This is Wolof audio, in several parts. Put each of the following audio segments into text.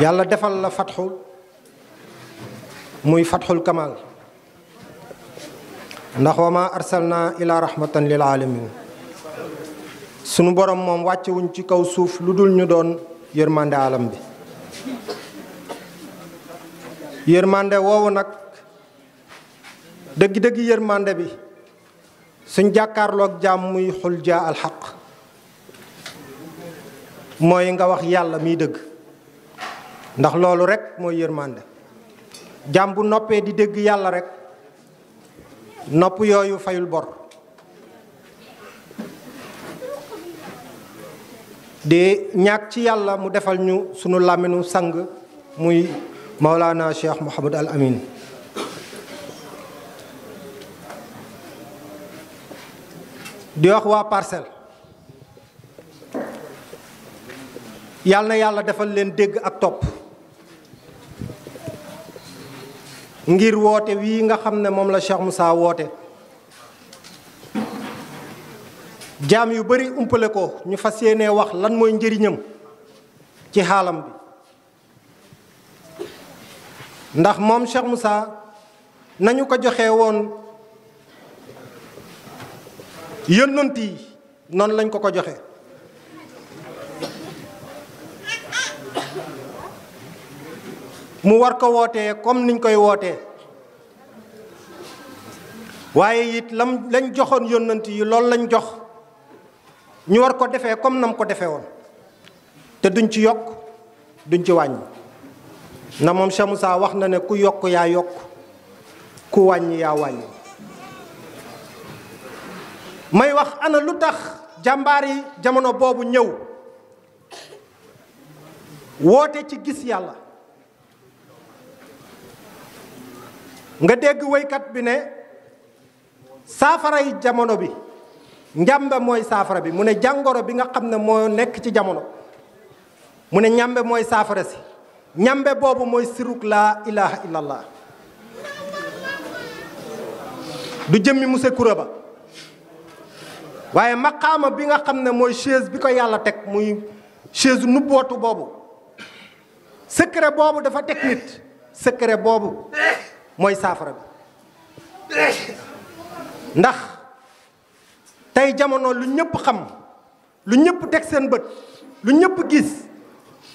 yàlla defal la fatxul muy fatxul kamal ndax wa ma arsalna ila rahmatan lil alamin sunu borom moom wàccewuñ ci kaw suuf lu dul ñu doon yërmande alam bi yërmande woowu nag dëgg-dëgg yërmande bi suñ jàkkaarloog jaam muy xul jaa alxaq mooy nga wax yàlla miy dëgg ndax loolu rekk mooy yërmande jàmm bu noppee di dégg yàlla rekk nopp yooyu fayul bor di ñàkk ci yàlla mu defal ñu sunu làmminu sang muy Maulana Cheikh Mouhamad Al Amin di wax waa parcelle yàlla na yàlla defal leen dégg ak topp ngir woote wii nga xam ne moom la Cheikh Moussa woote jaam yu bari umpale ko ñu fas yéene wax lan mooy njariñam ci xaalam bi ndax moom Cheikh Moussa nañu ko joxe woon yónnant noonu lañ ko ko joxe mu war ko wootee comme niñ koy wootee waaye it lam lañ joxoon yónnant yi loolu lañ jox ñu war ko defee comme nam ko defee woon te duñ ci yokk duñ ci wàññi na moom Cheikh Moussa wax na ne ku yokk yaa yokk ku wàññi yaa wàññi may wax ana lu tax jàmbaar jamono boobu ñëw woote ci gis yàlla nga dégg waykat bi ne saafaray jamono bi njàmbe mooy saafara bi mu ne jàngoro bi nga xam ne moo nekk ci jamono mu ne ñàmbe mooy saafara si ñàmbe boobu mooy siruk laa ilaha illallah du jëmmi mose kura ba waaye maqaama bi nga xam ne mooy chaise bi ko yàlla teg muy chaise nubbootu boobu secret boobu dafa teg nit secret boobu mooy saafara bi ndax tey jamono lu ñëpp xam lu ñëpp teg seen bët lu ñëpp gis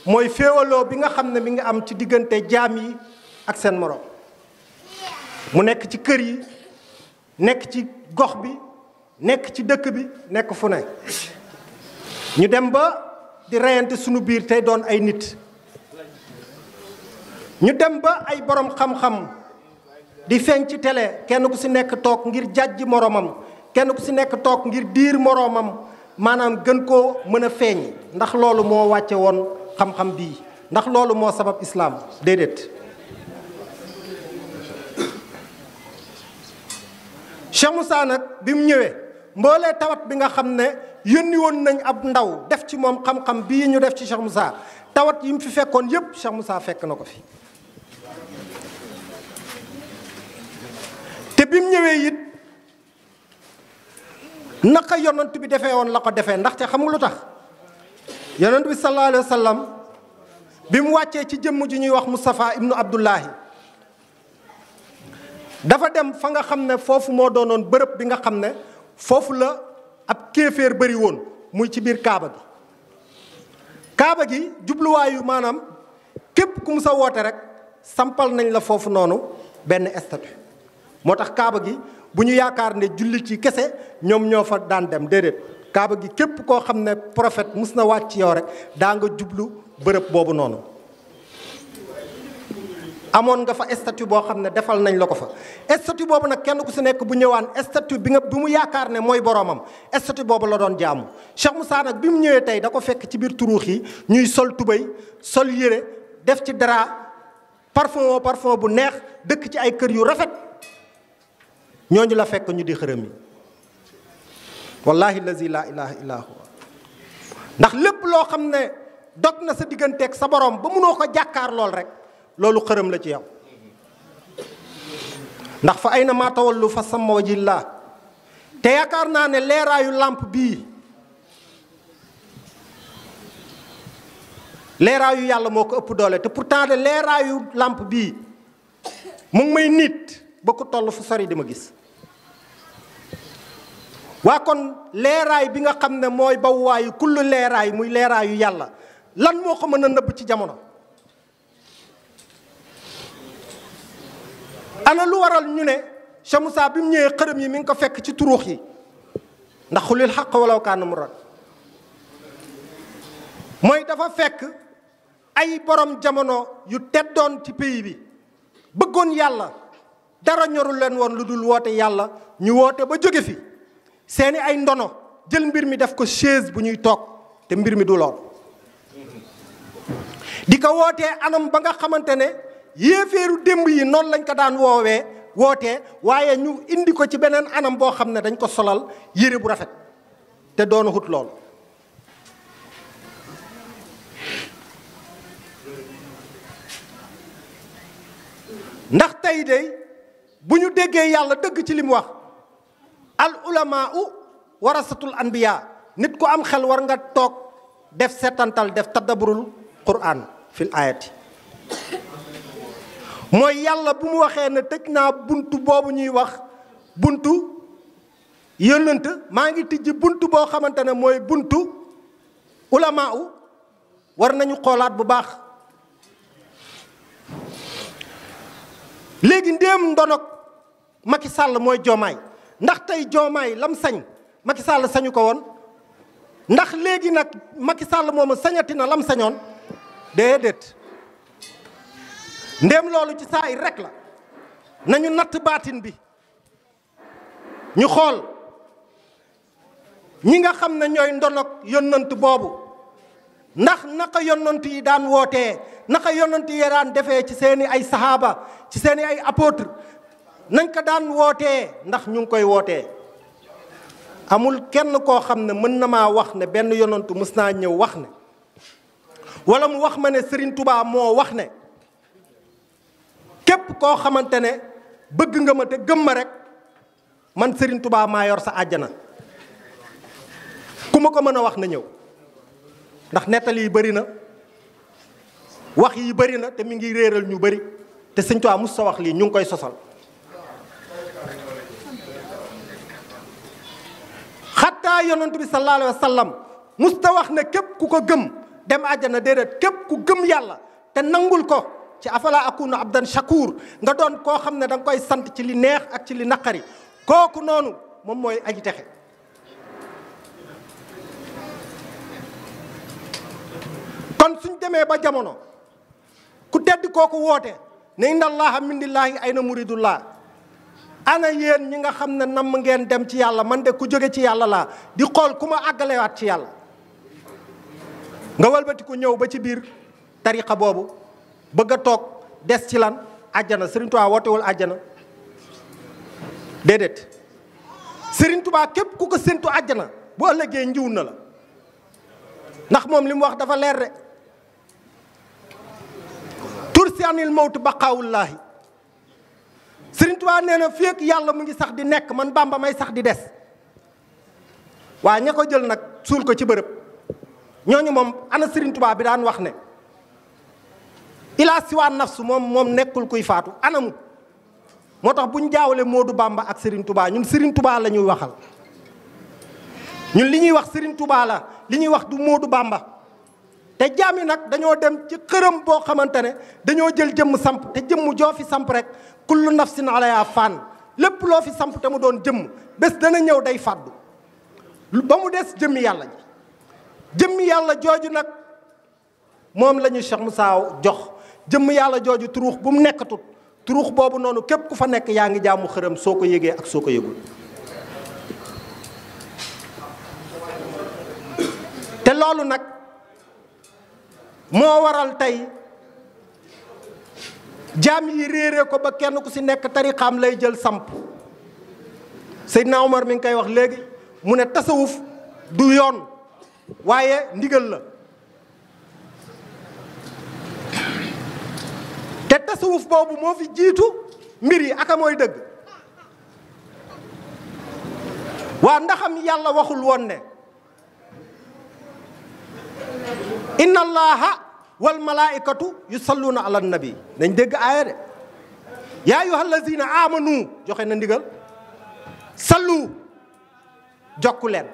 mooy féewaloo bi nga xam ne mi ngi am ci diggante jaam yi ak seen morom mu nekk ci kër yi nekk ci gox bi nekk ci dëkk bi nekk fu ne ñu dem ba di reyante sunu biir tey doon ay nit ñu dem ba ay boroom xam-xam di feeñ ci tele kenn ku si nekk toog ngir jàjj moroomam kenn ku ci nekk toog ngir diir moroomam maanaam gën koo mën a feeñ ndax loolu moo wàcce woon xam-xam bii ndax loolu moo sabab islaam déedéet Cheikh Moussa nag bi mu ñëwee mboolee tawat bi nga xam ne yónni woon nañ ab ndaw def ci moom xam-xam bii ñu def ci Cheikh Moussa tawat yi mu fi fekkoon yépp Cheikh Moussa fekk na ko fi bim ñëwee yit naka yonent bi défé won la ko ndax té xam nga lutax yonent bi sallallahu alayhi wasallam bim wacce ci jëm ju ñuy wax mustafa ibnu Abdullahi dafa dem fa nga xamné fofu mo moo doonoon bërëb bi nga xamné fofu la ab kéfer bëri won muy ci bir Kaaba gi Kaaba gi jubluwaayu wayu manam kep kum sa wote rek sampal nañ la fofu nonu ben statue moo tax kaaba gi bu ñu yaakaar ne jullit yi kese ñoom ñoo fa daan dem déedéet kaaba gi képp koo xam ne prophète mus na wàcc yow rek daa jublu bërëb boobu noonu. amoon nga fa statut boo xam ne defal nañ la ko fa statut boobu nag kenn ku si nekk bu ñëwaan statut bi nga bi mu yaakaar ne mooy boroomam statu boobu la doon jaamu Cheikh Moussa nag bi mu ñëwee tey da ko fekk ci biir turuux yi ñuy sol tubéy sol yére def ci dara parfum parfum bu neex dëkk ci ay kër yu rafet. ñooñu la fekk ñu di xërëm yi wallahi lazi laa ilaha illa huwa ndax lépp loo xam ne dog na sa digganteeg sa borom ba mënoo ko jàkkaar lool rek loolu xërëm la ci yow ndax fa ay na maa tawallu fa sama wajillaa te yaakaar naa ne leeraayu làmp bii leeraayu yàlla moo ko ëpp doole te pourtant de leeraayu làmp bii mu ngi may nit ba ko toll fu sori di gis waa kon leeraay bi nga xam ne mooy bawwaayu kullu leeraay muy leeraayu yàlla lan moo ko mën a nëbb ci jamono ana lu waral ñu ne Cheikh Moussa bi mu ñëwee xërëm yi mi ngi ko fekk ci turuux yi ndax xulil xaq walaw kaana mu rat mooy dafa fekk ay borom jamono yu teddoon ci pays bi bëggoon yàlla dara ñorul leen woon lu dul woote yàlla ñu woote ba jóge fi seeni ay ndono jël mbir mi def ko chaise bu ñuy toog te mbir mi du lool di ko wootee anam ba nga xamante ne yéeféeru démb yi noonu lañ ko daan woowee wootee waaye ñu indi ko ci beneen anam boo xam ne dañ ko solal yére bu rafet te doona xut lool ndax tey de bu ñu déggee yàlla dëgg ci li wax al ulama warasatul anbiya nit ku am xel war nga toog def seetantal def taddaburul quran fil ayati mooy yàlla bu mu waxee ne tëj naa buntu boobu ñuy wax buntu yónnent maa ngi tijji buntu boo xamante ne mooy buntu ulama u war nañu xoolaat bu baax léegi ndéem ndonok Macky sàll mooy Diomaye ndax tey joomaay lam sañ Macky Sall sañu ko woon ndax léegi nag Macky Sall moom sañati na lam sañoon déedéet ndéem loolu ci saa yi rek la nañu natt baatin bi ñu xool ñi nga xam ne ñooy ndonog yonant boobu ndax naka yonant yi daan wootee naka yonant yi daan defee ci seeni ay sahaaba ci seeni ay apôtre nañ ko daan wootee ndax ñu ngi koy wootee amul kenn koo xam ne mën na maa wax ne benn yonantu mës naa ñëw wax ne wala mu wax ma ne sëriñ tubaab moo wax ne képp koo xamante ne bëgg nga ma te gëm ma man sëriñ Touba maa yor sa àjjana ku ma ko mën a wax na ñëw ndax nettali bari na wax yi bari na te mu ngi réeral ñu bari te Serigne Touba mos sa wax lii ñu ngi koy sosal kaa yonent bi sallallahu sallam musta wax ne képp ku ko gëm dem àjjana déedéet képp ku gëm yàlla te nangul ko ci afala akunu abdan shakur nga doon koo xam ne danga koy sant ci li neex ak ci li naqari kooku noonu moom mooy aji texe kon suñ demee ba jamono ku tedd kooku woote ne inna allaha mindillaahi ayna muridullah ana yéen ñi nga xam ne namm ngeen dem ci yàlla man de ku jóge ci yàlla laa di xool ku ma àggalewaat ci yàlla nga walbatiku ñëw ba ci biir tariqa boobu bëgg a toog des ci lan àjjana Serigne Touba wootewul àjjana déedéet Serigne Touba képp ku ko séntu àjjana bu ëllëgee njiw na la ndax moom li mu wax dafa leer de ba mawtu baqaawullaahi serigne tuan neena fek yalla mu ngi sax di nek, man bamba may sax di des wa ña ko jël nak sul ko ci beurep ñoñu mom ana serigne touba bi daan wax ne ila siwa nafsu mom mom nekul kuy faatu anam motax buñ bu jaawale ak serigne touba ñun serigne touba la ñuy waxal ñun li ñuy wax serigne touba la li ñuy wax du modou bamba te jami nak dañoo dem ci xërëm bo xamantene dañoo jël jëm samp te jëm joo samp rek kullu la alaya fànn lépp loo fi samp te mu doon jëmm bés dana ñëw day fàddu ba mu des jëmm yàlla ji jëmmi yàlla jooju nag moom la ñu Cheikh Moussa jox jëmm yàlla jooju turuux bu mu nekkatut turuux boobu noonu képp ku fa nekk yaa ngi jaamu xërëm soo ko yégee ak soo ko yëgul te loolu nag moo waral tey jaam yi réere ko ba kenn ku ci nekk tarixaam lay jël samp Seydina Omar mi ngi koy wax léegi mu ne tasawuf du yoon waaye ndigal la te tasawuf boobu moo fi jiitu mbir yi aka mooy dëgg waa ndaxam yàlla waxul woon ne inna allaha wal malaikatu yusalluuna ala nabi dañ dégg aaya de yaa ayyuha allazina amanu joxe na ndigal sallu jokk leen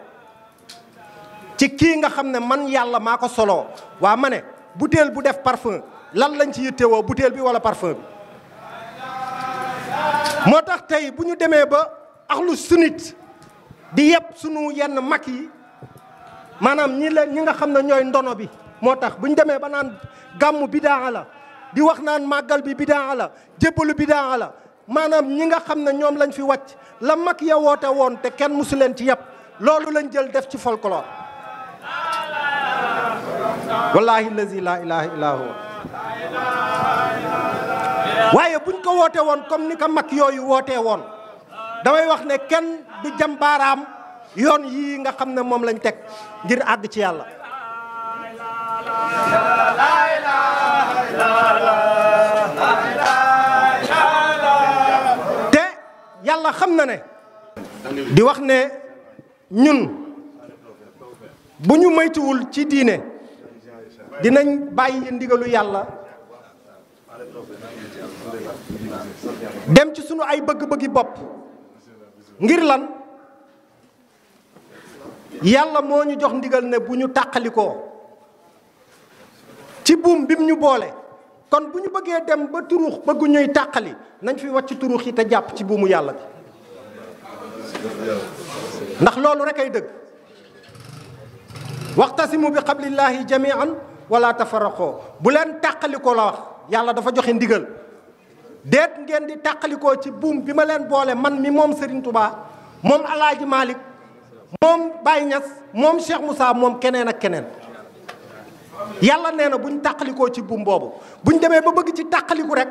ci kii nga xam ne man yàlla maa ko soloo waa ma ne butéel bu def parfum lan lañ ci yittewoo butéel bi wala parfum bi moo tax tey bu ñu demee ba axlu sunnit di yëpp sunu yenn mag yi maanaam ñi leen ñi nga xam ne ñooy ndono bi motax buñ démé ba nan gamu bid'a la di wax nan magal bi bid'a la jébbalu bid'a la manam ñi nga xamné ñom lañ fi wacc la mak ya woote won té kèn musu len ci yëpp lolu lañ jël def ci folklore wallahi lazi la ilaha illa waye buñ ko woote won comme ni ka mak yoyu wootee won damay wax ne kenn du jam baaraam yoon nga xam mom lañ tek ngir ag ci yalla te yàlla xam na ne di wax ne ñun bu ñu moytuwul ci diine dinañ bàyyi ndigalu yàlla dem ci sunu ay bëgg-bëggi bopp ngir lan yàlla moo ñu jox ndigal ne bu ñu tàqalikoo ci buum bim ñu boole kon bu ñu bëggee dem ba turuux bëggu ñuy tàqali nañ fi wàcc turuux yi te jàpp ci buumu yàlla bi ndax loolu rek ay dëgg waxtasimu bi xablillahi jamian wala tafarraqoo bu leen tàqalikoo la wax yàlla dafa joxe ndigal déet ngeen di tàqalikoo ci buum bi ma leen boole man mi moom Serigne Touba moom Alaaji maalik moom Baye Niass moom Cheikh Moussa moom keneen ak keneen yàlla nee na buñ tàqalikoo ci buum boobu buñ demee ba bëgg ci tàqaliku rek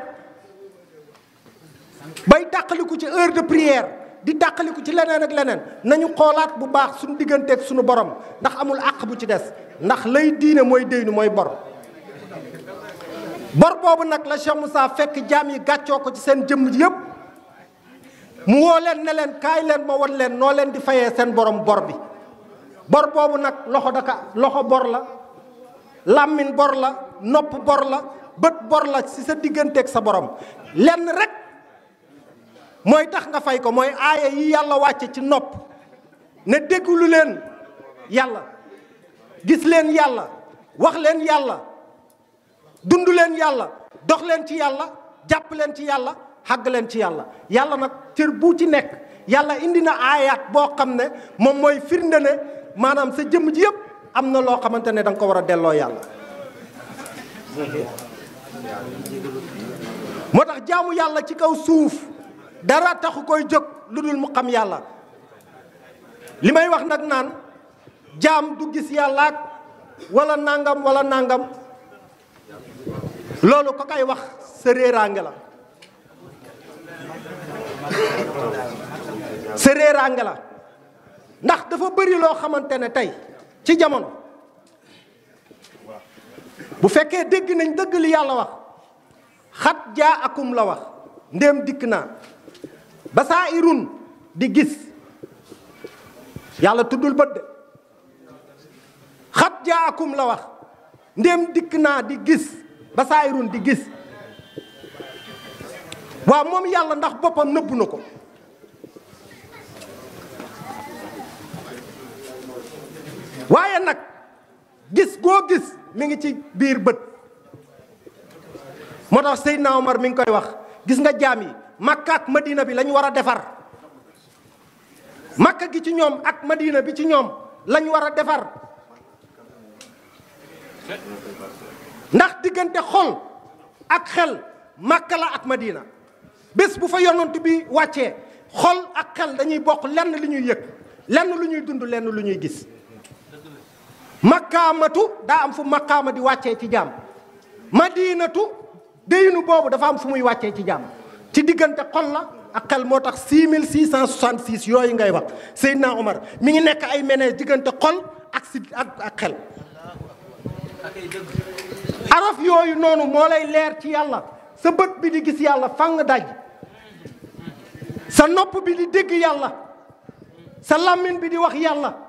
bay tàqaliku ci heure de prière di tàqaliku ci leneen ak leneen nañu xoolaat bu baax suñu digganteeg suñu borom ndax amul àq bu ci des ndax lay diine mooy déynu mooy bor bor boobu nag la Cheikh musaa fekk jaam yi gàccoo ko ci seen jëmm yépp mu woo leen ne leen kaay leen ma wan leen noo leen di fayee seen borom bor bi bor boobu nag loxo daka loxo bor la làmmiñ bor la nopp bor la bët bor la ci sa digganteeg sa borom lenn rek mooy tax nga fay ko mooy aaya yi yàlla wàcce ci nopp ne déglu leen yàlla gis leen yàlla wax leen yàlla dund leen yàlla dox leen ci yàlla jàpp leen ci yàlla xàgg leen ci yàlla yàlla nag cër bu ci nekk yàlla indi na aayaat boo xam ne moom mooy firnde ne maanaam sa jëmm ji yëpp amna lo xamantene dang ko wara delo yalla motax jaamu yalla ci kaw suuf dara tax koy jog lu mu xam yalla limay wax nak nan jaam du gis yalla wala nangam wala nangam loolu ko kay wax sa la sa la ndax dafa beuri lo xamantene tay ci jamono bu fekkee dégg nañ dëgg li yàlla wax xat jaa akum la wax ndéem dikk naa ba irun di gis yàlla tuddul bët de xat jaa akum la wax ndéem dikk naa di gis ba irun di gis waaw moom yàlla ndax boppam nëbbu na ko waaye nag gis koo gis mu ngi ci biir bët moo tax Seydina Omar mi ngi koy wax gis nga jaam yi Makka ak Madina bi lañu war a defar Makka gi ci ñoom ak Madina bi ci ñoom lañu war a defar ndax diggante xol ak xel makk la ak Madina bés bu fa yonent bi wàccee xol ak xel dañuy bokk lenn lu ñuy yëg lenn lu ñuy dund lenn lu ñuy gis makamatu da am fu makama di wacce ci jam madinatu bobu da fa am fu muy wacce ci jam ci diggante xol la ak xel 6666 yoy ngay wax sayyidna umar mi ngi nek ay ménage diggante xol ak ak akal araf yoy nonu mo lay leer ci yalla sa beut bi di gis yalla fang daj sa nopp bi di deg yalla sa lamine bi di wax yalla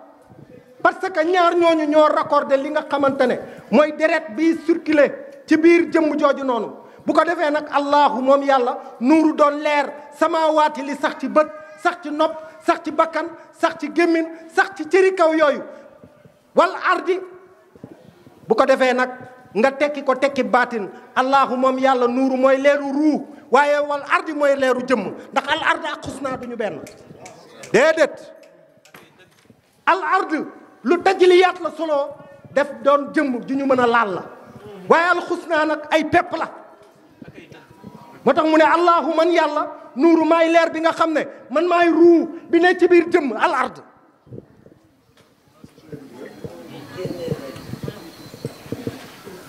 parce que ñaar ñooñu ñoo raccordé li nga xamante ne mooy deret bi circulé ci biir jëmm jooju noonu bu ko defee nag allahu moom yàlla nuuru doon leer samaawaati li sax ci bët sax ci nopp sax ci bakkan sax ci gémmin sax ci cëri kaw yooyu wal ardi bu ko defee nag nga tekki ko tekki baatin allahu moom yàlla nuuru mooy leeru ruu waaye wal ardi mooy leeru jëmm ndax al ardi ak xusnaa duñu benn déedéet al ardi lu tajliyaat la solo def doon jëmm ju ñu mën a laal la waaye alxusnaa nag ay pepp la moo tax mu ne allahu man yàlla nuuru maay leer bi nga xam ne man may ruu bi ne ci biir jëmm al ard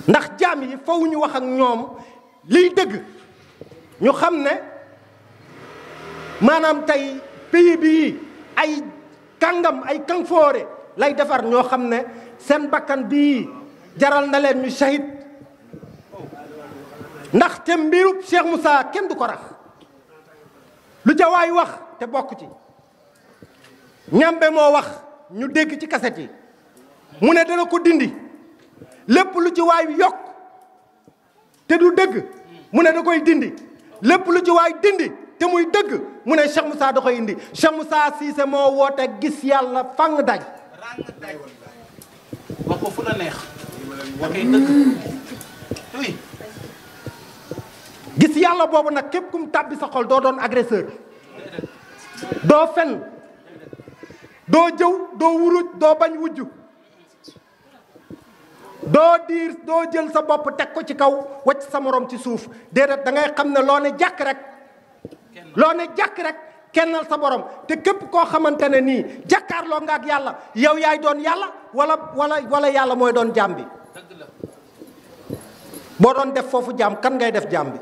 ndax jaam yi faw ñu wax ak ñoom liy dëgg ñu xam ne maanaam tey pays bi ay kàngam ay kàngfoore lay defar ñoo xam ne seen bakkan bii jaral na leen ñu shahid ndax te mbirub Cheikh Moussa kenn du ko rax lu ca waay wax te bokk ci ñambe moo wax ñu dégg ci kaset yi mu ne dana ko dindi lépp lu ci yokk te du dëgg mu ne da koy dindi lépp lu ci waay dindi te muy dëgg mu ne Cheikh Moussa da koy indi Cheikh Moussa Cissé moo woote gis yàlla fang daj wax ko gis yàlla boobu nag képp kum tàbbi sa xol doo doon agresseur doo fen doo jëw doo wuruj doo bañ wujj doo diir doo jël sa bopp teg ko ci kaw wacc sa morom ci suuf déedéet da ngay xam ne loo ne jàkk rek loo ne jàkk rek kennal sa borom te képp koo xamante ne nii jàkkaarloo nga ak yàlla yow yaay doon yàlla wala wala wala yàlla mooy doon jaam bi boo doon def foofu jaam kan ngay def jaam bi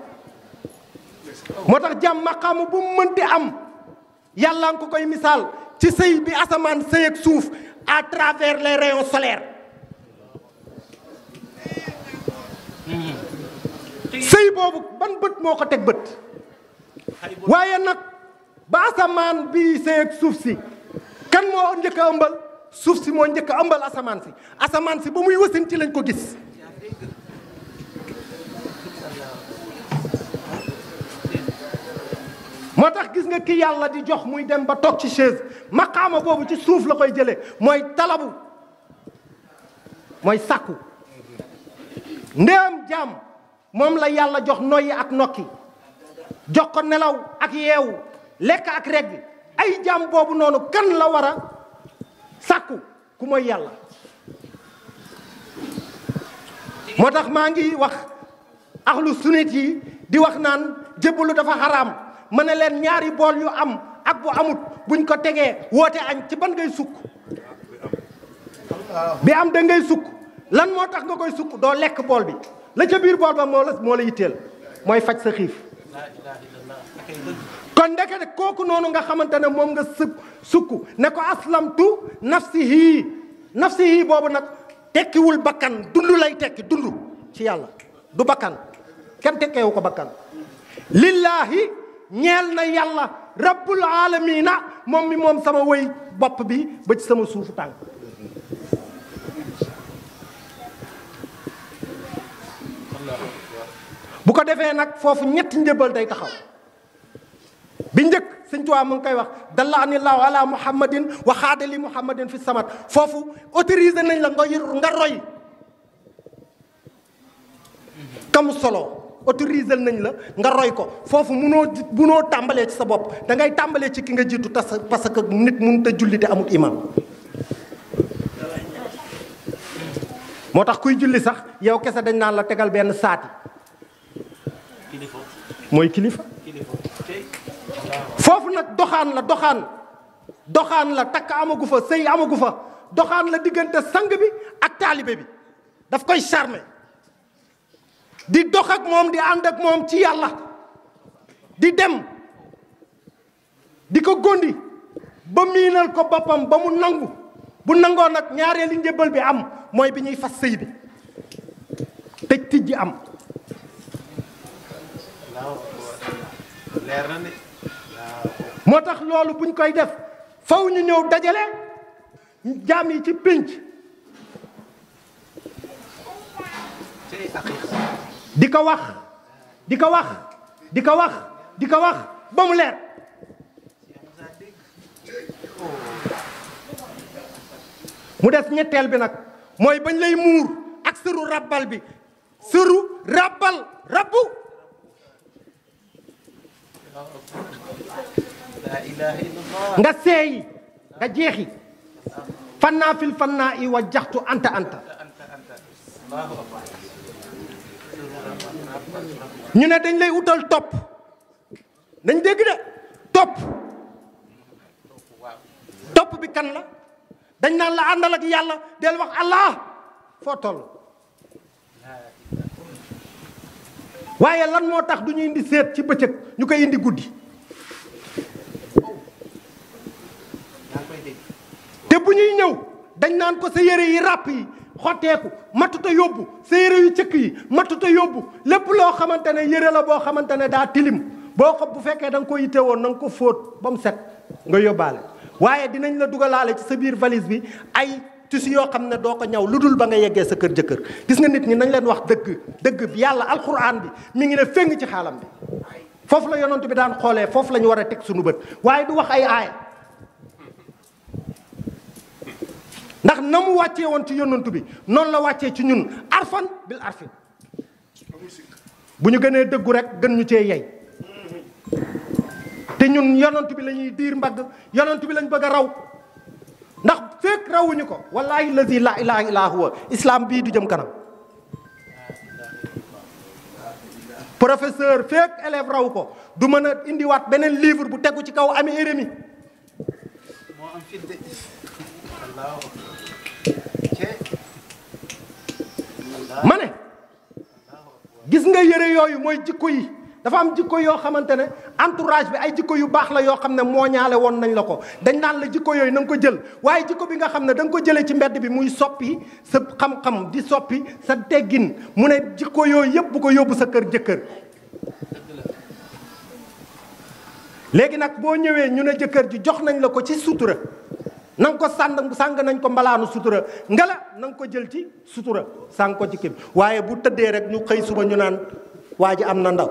moo tax jaam maqaamu bu mu mënti am yàlla nga koy misaal ci sëy bi asamaan sëy ak suuf à travers les rayons solaires mmh. sëy boobu ban bët moo ko teg bët waaye nag ba asamaan bi seeg suuf si kan moo njëkk a ëmbal suuf si moo njëkk a ëmbal asamaan si asamaan si ba muy wasin ci lañ ko gis moo tax gis nga ki yàlla di jox muy dem ba toog ci chaise maqaama boobu ci suuf la koy jële mooy talabu mooy sàkku ndéem jaam moom la yàlla jox noyyi ak nokki jox ko nelaw ak yeewu lek ak reg ay jam bobu nonu kan la wara sakku sàkku ku mooy yàlla moo tax ngi wax axlu sunnit yi di wax nan jébbalu dafa haram mané len ñaari bol yu am ak bu amut buñ ko tegee woté añ ci ban ngay sukk bi am da ngay sukk lan motax nga koy sukk do lek bol bi la ca bir bol ba mo la mo la yitteel moy fajj sa xiif kon ndeke kooku noonu nga xamante ne moom nga sëb sukk ne ko aslamtu nafsihi nafsihi boobu nag tekkiwul bakkan dund lay tekki dund ci yàlla du bakkan kenn tekkeewu ko bakkan lillaahi ñeel na yàlla rabbul aalamiina moom mi moom sama woy bopp bi ba ci sama suufu tànk bu ko defee nag foofu ñetti njëbal day taxaw sëñ Tuubaa mu ngi koy wax dalla anillahu ala muhammadin wa xaadali muhammadin fi samat foofu autorise nañ la nga nga roy kamu solo autorisé nañ la nga roy ko foofu munoo munoo tàmbalee ci sa bopp dangay tàmbalee ci ki nga jiitu tas parce que nit mënut a julli te amul imam moo tax kuy julli sax yow kese dañ naan la tegal benn saati mooy kilifa foofu nag doxaan la doxaan doxaan la takk amagu fa sëy amagu fa doxaan la diggante sang bi ak taalibe bi daf koy charmer di dox ak moom di ànd ak moom ci yàlla di dem di ko gondi ba miinal ko boppam ba mu nangu bu nangoon nag ñaareelu njëbbal bi am mooy bi ñuy fas sëy bi tëj tijji am motax lolu buñ koy def faw ñu ñew dajale jami ci pinch diko wax diko wax diko wax diko wax ba mu leer mu ñettel bi suru rapal bañ lay mur ak seru rabal bi seru rabal rabbu nga seey nga jeexi fannaa fanaa fannaa wa jaxtu anta anta ñu ne dañ lay utal topp dañ dégg de topp topp bi kan la dañ naan la àndal ak yàlla del wax allah foo toll waaye lan moo tax du ñu indi seet ci bëccëg ñu koy indi guddi ñuy ñëw dañ naan ko sa yére yi ràpp yi xotteeku matuta yóbbu sa yére yu cëkk yi matuta yóbbu lépp loo xamante ne yére la boo xamante ne daa tilim boo ko bu fekkee da nga ko yitte woon na nga ko fóot ba mu set nga yóbbaale waaye dinañ la dugalaale ci sa biir valise bi ay tissu yoo xam ne doo ko ñaw lu dul ba nga yeggee sa kër jëkkër gis nga nit ñi nañ leen wax dëgg dëgg bi yàlla alxuraan bi mi ngi ne féng ci xaalam bi foofu la yonent bi daan xoolee foofu la ñu war a teg suñu bët waaye du wax ay aaya ndax na mu wàccee woon ci yonantu bi noonu la wàccee ci ñun arfan bil arfin bu ñu gënee dëggu rek gën ñu cee yey te ñun yonantu bi la ñuy diir mbagg yonantu bi lañ bëgg a raw ndax fekk rawuñu ko wallahi lazi la ilaha illa bii du jëm kanam professeur fekk élève raw ko du mën a indiwaat beneen livre bu tegu ci kaw ami éremi am fit de ma ne gis nga yëre yooyu mooy jikko yi dafa am jikko yoo xamante ne entourage bi ay jikko yu baax la yoo xam ne moo ñaale woon nañ la ko dañ naan la jikko yooyu na nga ko jël waaye jikko bi nga xam ne danga ko jëlee ci mbedd bi muy soppi sa xam-xam di soppi sa teggin mu ne jikko yooyu yëpp bu ko yóbbu sa kër jëkkër léegi nag boo ñëwee ñu ne jëkkër ji jox nañ la ko ci sutura nanga ko sànd sàng nañ ko mbalaanu sutura ngela nanga nga ko jël ci sutura sàng ko ci kii waaye bu tëddee rek ñu xëy suba ñu naan waa ji am na ndaw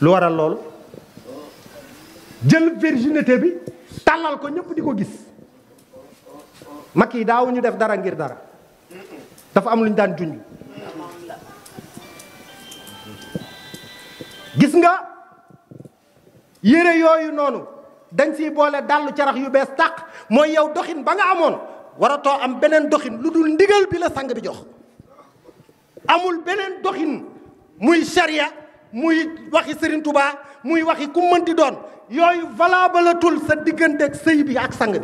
lu waral loolu jël virginité bi tàllal ko ñépp di ko gis mag yi daawuñu def dara ngir dara dafa am lu ñu daan junj gis nga yére yooyu noonu dañ siy boole dàll carax yu bees tàq mooy yow doxin ba nga amoon waratoo am beneen doxin lu dul ndigal bi la sang bi jox amul beneen doxin muy charia muy waxi Serigne tubaa muy waxi ku mënti doon yooyu valabalatul sa diggante ak sëy bi ak sang bi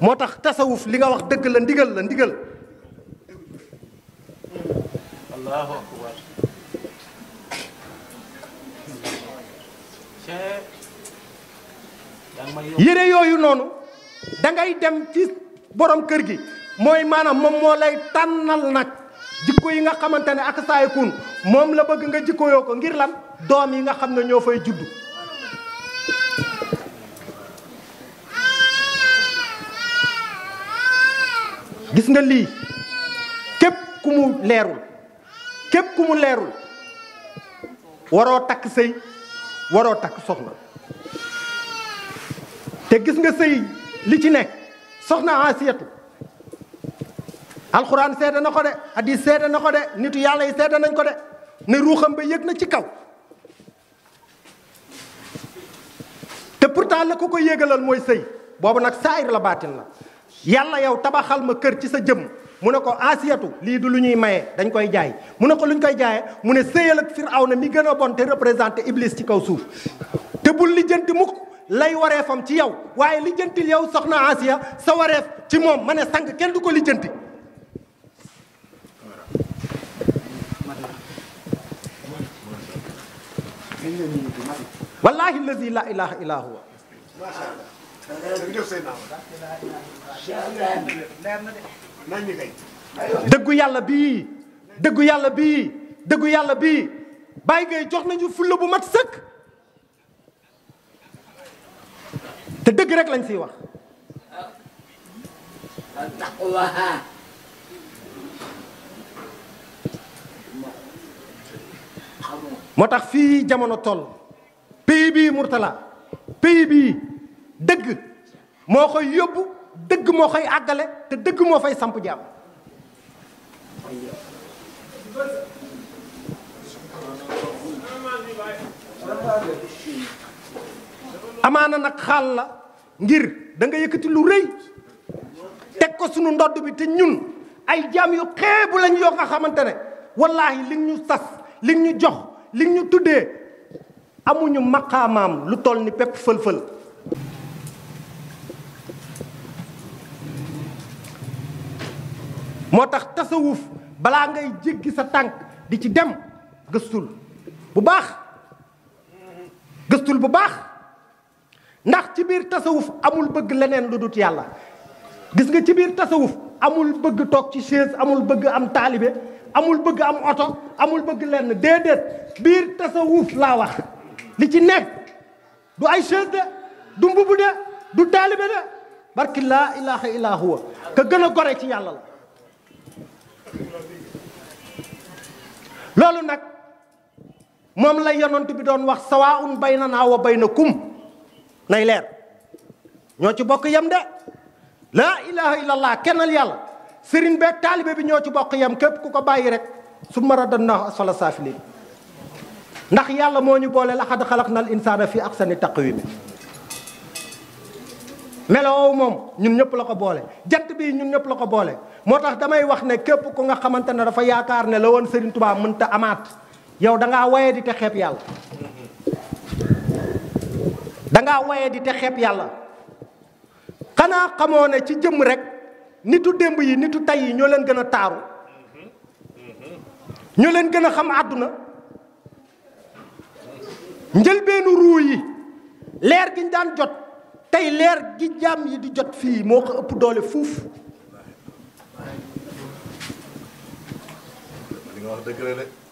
moo tax tasawuf li nga wax dëgg la ndigal la ndigal. yére yooyu noonu da ngay dem ci boroom kër gi mooy maanaam moom moo lay tànnal nag jikko yi nga xamante ne ak saay kun moom la bëgg nga jikko yoo ko ngir lan doom yi nga xam ne ñoo fay juddu. gis nga lii képp ku mu leerul képp ku mu leerul waroo takk sëy waroo takk soxna te gis nga sëy li ci nekk soxna asiyatu alxuraan seede na ko de hadis seede na ko de nitu yàlla yi seede nañ ko de ne ruuxam ba yëg na ci kaw te pourtant la ku ko yéegalal mooy sëy boobu nag saayir la baatin na yàlla yow tabaxal ma kër ci sa jëmm mu ne ko asiyatu lii du lu ñuy maye dañ koy jaay mu ne ko lu koy jaayee mu ne sëyal ak Firawna mi gën a bon te représenté Iblis ci kaw suuf te bul lijjanti mukk lay wareefam ci yow waaye lijjantil yow soxna Asiya sa wareef ci moom ma ne sang kenn du ko lijjanti wallahi allazi la ilaha dëggu yàlla bii dëggu yàlla bii dëggu yàlla bii bàyyi ngay jox nañu fulla bu mat sëkk te dëgg rek lañ siy wax moo tax fii jamono toll pays bii Mourtala pays bii dëgg moo koy yóbbu dëgg moo koy àggale te dëgg moo fay samp jaam amaana nag xaal la ngir danga nga yëkkati lu rëy teg ko sunu ndodd bi te ñun ay jaam yu xeebu lañ yoo nga xamante ne wallaahi li ñu sas li ñu jox li ñu tuddee amuñu maqaamaam lu toll ni pepp fël-fël moo tax tasawuf balaa ngay jéggi sa tànk di ci dem gëstul bu baax gëstul bu baax ndax ci biir tasawuf amul bëgg leneen lu dut yàlla gis nga ci biir tasawuf amul bëgg toog ci chaise amul bëgg am taalibe amul bëgg am oto amul bëgg lenn déedéet biir tasawuf laa wax li ci nekk du ay chaise de du mbubu de du taalibe de barki laa ilaha illa ka gën a gore ci yàlla la loolu nag moom la yonent bi doon wax sawaun baynanaa wa baynakum nay leer ñoo ci bokk yam de laa ilaha illallah kennal yàlla sëriñ beeg taalibe bi ñoo ci bokk yem képp ku ko bàyyi rek summa radadnaahu asfala saafiliin ndax yàlla moo ñu boole laqad xalaqna al insaana fi axsani taqwiim meloo moom ñun ñëpp la boole jant bii ñun ñëpp la ko boole motax damai damay wax ne kep ku nga xamantene ne dafa yaakar ne la Serigne Touba ta amat yow da nga waye di te xeeb yàlla da nga waye di te xeeb yàlla xanaa ci jëm rek nitu demb yi nitu tay yi kena leen gën kena taaru ñoo leen ler a xam yi leer giñ daan jot tay leer gi jam yi di jot fi moko ëpp doole fuf nga wax dëgg la